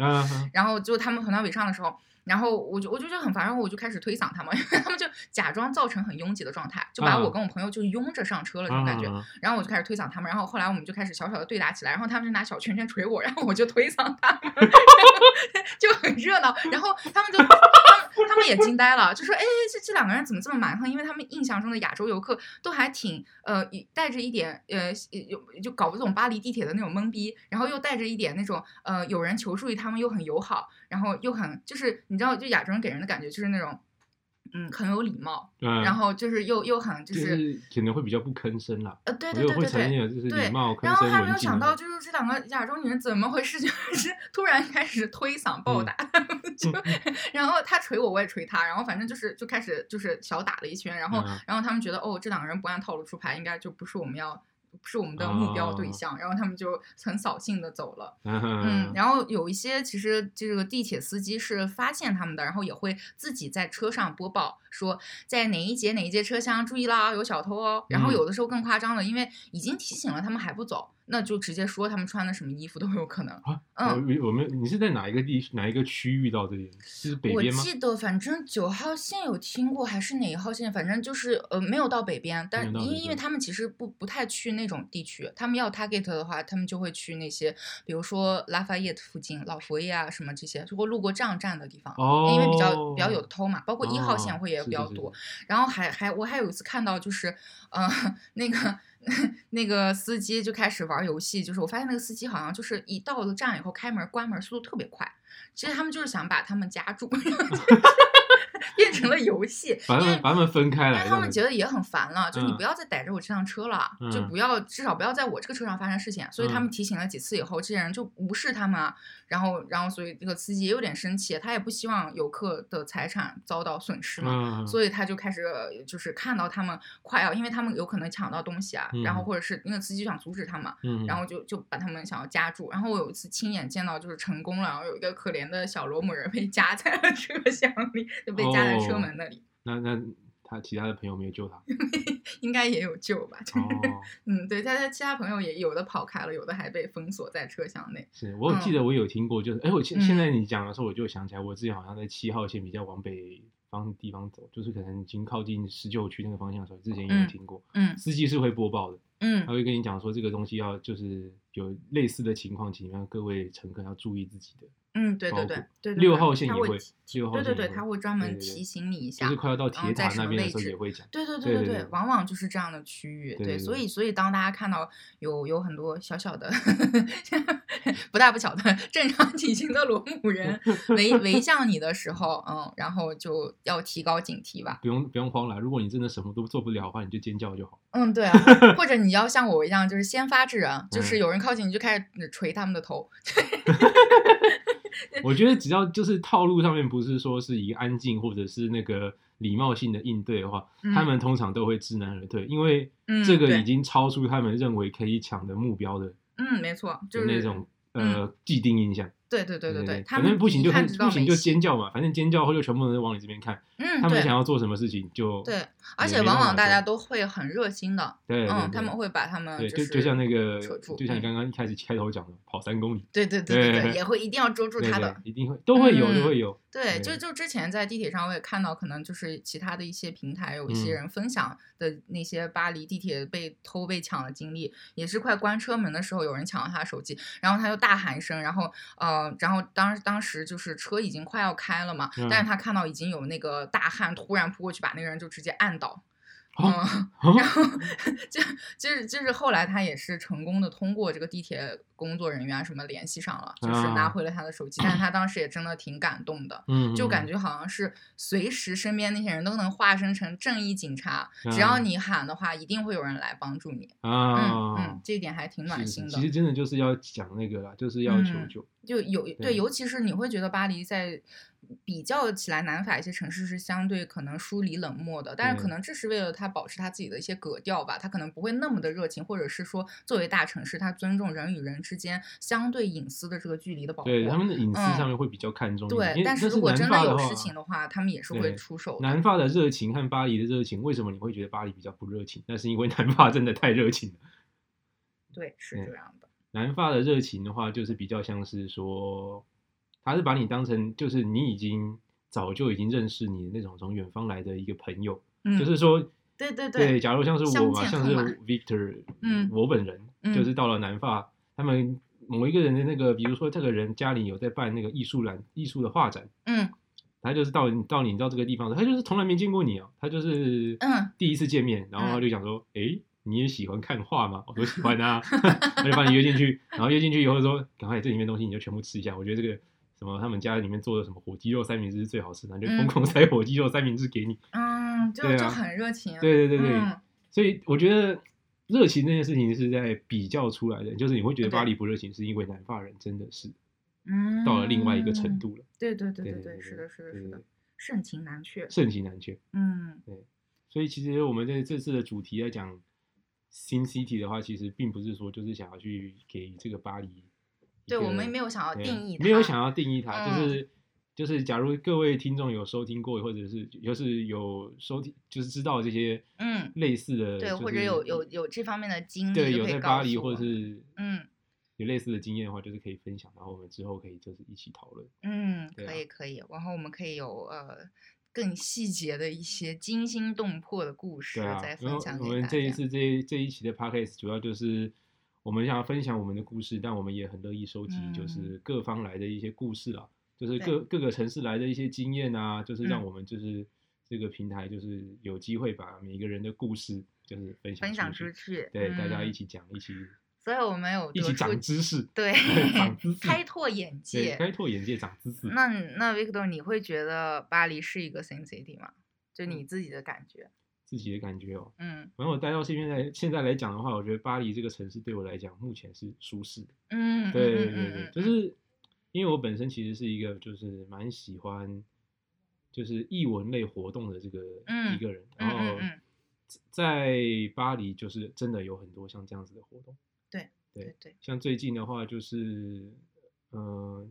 然後就他們紅桃北唱的時候。然後我就我就覺得很煩，然後我就開始推搡他們，因為他們就假裝造成很擁擠的狀態，就把我跟我朋友就擁着上車了這種，啊、感覺。然後我就開始推搡他們，然後後來我們就開始小小的對打起來，然後他們就拿小拳拳捶我，然後我就推搡他們， 就很熱鬧。然後他們就。 也驚呆了，就說：“誒，這這兩個人怎麼這麼蠻橫？因為他們印象中的亞洲遊客都還挺……呃，帶着一點呃，有就搞不懂巴黎地鐵的那種懵逼，然後又帶着一點那種呃，有人求助於他們又很友好，然後又很就是你知道，就亞洲人給人的感覺就是那種。”嗯，很有禮貌，嗯、然後就是又又很就是可能會比較不吭聲了。呃，對對對對對。然後還沒有想到就是這兩個亞洲女人怎麼回事，就是突然開始推搡、暴打，嗯、 就然後他捶我，我也捶他，然後反正就是就開始就是小打了一圈，然後、嗯、然後他們覺得哦，這兩個人不按套路出牌，應該就不是我們要。是我們的目標的對象，oh. 然後他們就很掃興的走了。Uh huh. 嗯，然後有一些其實這個地鐵司機是發現他們的，然後也會自己在車上播報說在哪一節哪一節車廂，注意啦，有小偷哦。然後有的時候更誇張了，因為已經提醒了他們還不走。Uh huh. 那就直接說他們穿的什麼衣服都有可能啊。嗯，我，我們你是在哪一個地哪一個區域到這裡？是北邊嗎？我記得，反正九號線有聽過，還是哪一號線？反正就是呃，沒有到北邊。但因為因為他們其實不不太去那種地區，他們要 target 的話，他們就會去那些，比如說拉法 e 附近、老佛爺啊什麼這些，就會路過樣站的地方，哦、因為比較比較有偷嘛。包括一號線會也比較多。哦、是是是然後還還我還有一次看到就是，嗯、呃，那個。 那個司機就開始玩遊戲，就是我發現那個司機好像就是一到了站以後，開門關門速度特別快，其實他們就是想把他們夾住。 變成了遊戲，因為把他們分開了，因為他們覺得也很煩了，就你不要再逮着我這輛車了，就不要，至少不要在我這個車上發生事情。所以他們提醒了幾次以後，這些人就無視他們。然後，然後，所以這個司機也有點生氣，他也不希望遊客的財產遭到損失嘛，所以他就開始就是看到他們快要，因為他們有可能搶到東西啊，然後或者是那個司機想阻止他們，然後就就把他們想要夾住。然後我有一次親眼見到，就是成功了，然後有一個可憐的小羅姆人被夾在了車廂裡，就被。在車門那裡。哦、那那他其他的朋友沒有救他？ 應該也有救吧？哦、 嗯，對，他他其他朋友也有的跑開了，有的還被封鎖在車廂內。是我有記得我有聽過，哦、就是哎、欸，我現現在你講的時候，我就想起來，我自己好像在七號線比較往北方的地方走，就是可能已經靠近十九區那個方向的時候，之前也有聽過。哦、嗯，司機是會播報的，嗯，他會跟你講說這個東西要就是有類似的情況，請讓各位乘客要注意自己的。嗯，對對對，對。六號線也會，六號線對對對，它會專門提醒你一下，是快要到鐵塔那邊位置，對對對對對，往往就是這樣的區域，對，所以所以當大家看到有有很多小小的、不大不小的正常體型的羅姆人圍圍向你的時候，嗯，然後就要提高警惕吧。不用不用慌了，如果你真的什麼都做不了的話，你就尖叫就好。嗯，對啊，或者你要像我一樣，就是先發制人，就是有人靠近你就開始錘他們的頭。對。哈哈哈。我覺得只要就是套路上面不是說是以安靜、或者是那個禮貌性的應對的話，嗯、他們通常都會知難而退，因為這個已經超出他們認為可以搶的目標的。嗯，嗯，沒錯，就那、是、種呃既定印象。嗯對對對對對，他們不行就不行就尖叫嘛，反正尖叫後就全部人往你這邊看，嗯，他們想要做什麼事情就對，而且往往大家都會很熱心的，對，嗯，他們會把他們對，就就像那個，就像你剛剛一開始開頭講的，跑三公里，對對對對對，也會一定要捉住他的，一定會，都會有，都會有，對，就就之前在地鐵上我也看到，可能就是其他的一些平台有一些人分享的那些巴黎地鐵被偷被搶的經歷，也是快關車門的時候有人搶了他手機，然後他就大喊一聲，然後呃。然後當當時就是車已經快要開了嘛，嗯、但是他看到已經有那個大漢突然撲過去，把那個人就直接按倒。嗯，然後、啊、就就是就是後來他也是成功的通過這個地鐵工作人員什麼聯繫上了，就是拿回了他的手機。啊、但他當時也真的挺感動的，嗯，就感覺好像是隨時身邊那些人都能化身成正義警察，嗯、只要你喊的話，一定會有人來幫助你啊。嗯嗯，這一點還挺暖心的。其實真的就是要講那個了，就是要求就、嗯、就有對，對，尤其是你會覺得巴黎在。比較起來，南法一些城市是相對可能疏離冷漠的，但是可能這是為了他保持他自己的一些格調吧，對他可能不會那麼的熱情，或者是說作為大城市，他尊重人與人之間相對隱私的這個距離的保護。對他們的隱私上面會比較看重、嗯。對，但是如果真的有事情的話，的話他們也是會出手的。南法的熱情和巴黎的熱情，為什麼你會覺得巴黎比較不熱情？那是因為南法真的太熱情了。對，是這樣的。南法的熱情的話，就是比較像是說。他是把你當成就是你已經早就已經認識你的那種從遠方來的一個朋友，嗯、就是說，對對對，對，假如像是我嘛，像是 Victor，嗯，我本人，就是到了南法，嗯、他們某一個人的那個，比如說這個人家裡有在辦那個藝術展，藝術的畫展，嗯，他就是到到你到這個地方，他就是從來沒見過你哦，他就是第一次見面，嗯、然後他就想說，嗯、誒，你也喜歡看畫嗎？我說喜歡啊， 他就把你約進去，然後約進去以後說，趕快這裡面的東西你就全部吃一下，我覺得這個。什麼？他們家裡面做的什麼火雞肉三明治是最好吃的，嗯、就瘋狂，狂塞火雞肉三明治給你，嗯，就、啊、就很熱情、啊。對對對對，嗯、所以我覺得熱情這件事情是在比較出來的，就是你會覺得巴黎不熱情，是因為南法人真的是，嗯，到了另外一個程度了。嗯、對對對對對，對對對是，的是，的是的，是的，是的，盛情難卻，盛情難卻，嗯，對。所以其實我們在這次的主題來講 sin city 的話，其實並不是說就是想要去給這個巴黎。對，我們沒有想要定義，沒有想要定義它、嗯就是，就是就是，假如各位聽眾有收聽過，或者是就是有收聽，就是知道這些，嗯，類似的、就是嗯，對，或者有有有這方面的經歷，對，有在巴黎，或者是嗯，有類似的經驗的話，就是可以分享，然後我們之後可以就是一起討論，嗯，啊、可以可以，然後我們可以有呃更細節的一些驚心動魄的故事、啊、再分享給大家。我們這一次這這一期的 podcast 主要就是。我們想要分享我們的故事，但我們也很樂意收集，就是各方來的一些故事了、啊，嗯、就是各對各個城市來的一些經驗啊，就是讓我們就是這個平台就是有機會把每一個人的故事就是分享出去分享出去，對，嗯、大家一起講，一起，所以我們有一起長知識，對，開拓眼界，開拓眼界，長知識。那那 Victor，你會覺得巴黎是一個 Sin City 嗎？就你自己的感覺？嗯自己的感覺哦，嗯，反正我待到現在現在來講的話，我覺得巴黎這個城市對我來講目前是舒適的，嗯，對對對，就是因為我本身其實是一個就是蠻喜歡就是藝文類活動的這個一個人，然後在巴黎就是真的有很多像這樣子的活動，對對對，像最近的話就是嗯、呃、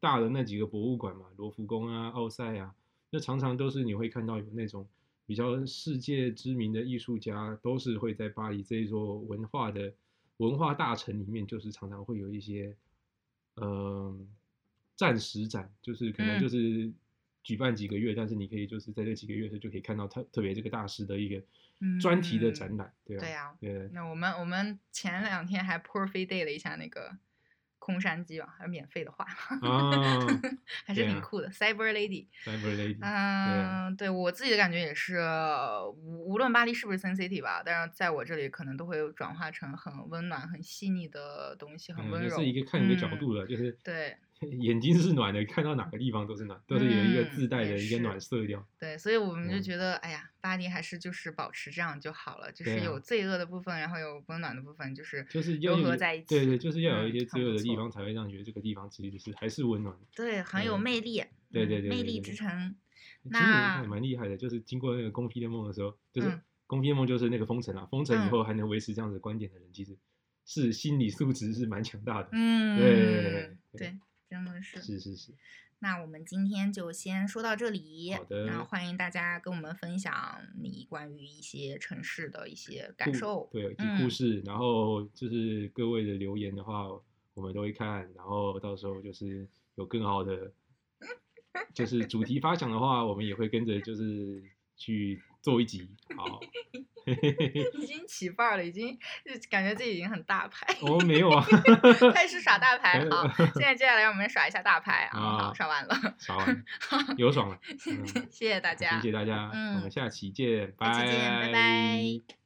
大的那幾個博物館嘛，羅浮宮啊、奧賽啊，那常常都是你會看到有那種。比較世界知名的藝術家都是會在巴黎這一座文化的文化大城裡面，就是常常會有一些，嗯、呃、暫時展，就是可能就是舉辦幾個月，嗯、但是你可以就是在這幾個月時就可以看到特特別這個大師的一個專題的展覽，嗯、對啊，對啊，對。那我們我們前兩天還 profiter 了一下那個，空山雞吧，還有免費的話，哦、 還是挺酷的。啊、Cyber Lady，Cyber Lady，嗯，對我自己的感覺也是，無無論巴黎是不是 Sin City 吧，但是在我這裡可能都會轉化成很溫暖、很細膩的東西，很溫柔。感、嗯、是一個看你的角度的，嗯、就是對。眼睛是暖的，看到哪個地方都是暖，都是有一個自帶的一個暖色調。對，所以我們就覺得，哎呀，巴黎還是就是保持這樣就好了，就是有罪惡的部分，然後有溫暖的部分，就是就是融合在一起。對對，就是要有一些罪惡的地方，才會讓你覺得這個地方其實就是還是溫暖的。對，很有魅力。對對對，魅力之城。那蠻厲害的，就是經過那個 confinement 的時候，就是 confinement 就是那個封城了，封城以後還能維持這樣的觀點的人，其實是心理素質是蠻強大的。嗯，對對對對。真的是是是是，那我們今天就先說到這裡。好的，然後歡迎大家跟我們分享你關於一些城市的一些感受，對，一些故事。嗯、然後就是各位的留言的話，我們都會看。然後到時候就是有更好的，就是主題發想的話，我們也會跟着就是去做一集，好。 已經起範兒了，已經感覺自己已經很大牌。哦。沒有啊， 開始耍大牌啊！ 現在接下來讓我們耍一下大牌好啊好！耍完了，耍完，有 好爽了。 謝謝大家，嗯、謝謝大家，嗯、我們下期見，嗯、拜拜，拜拜。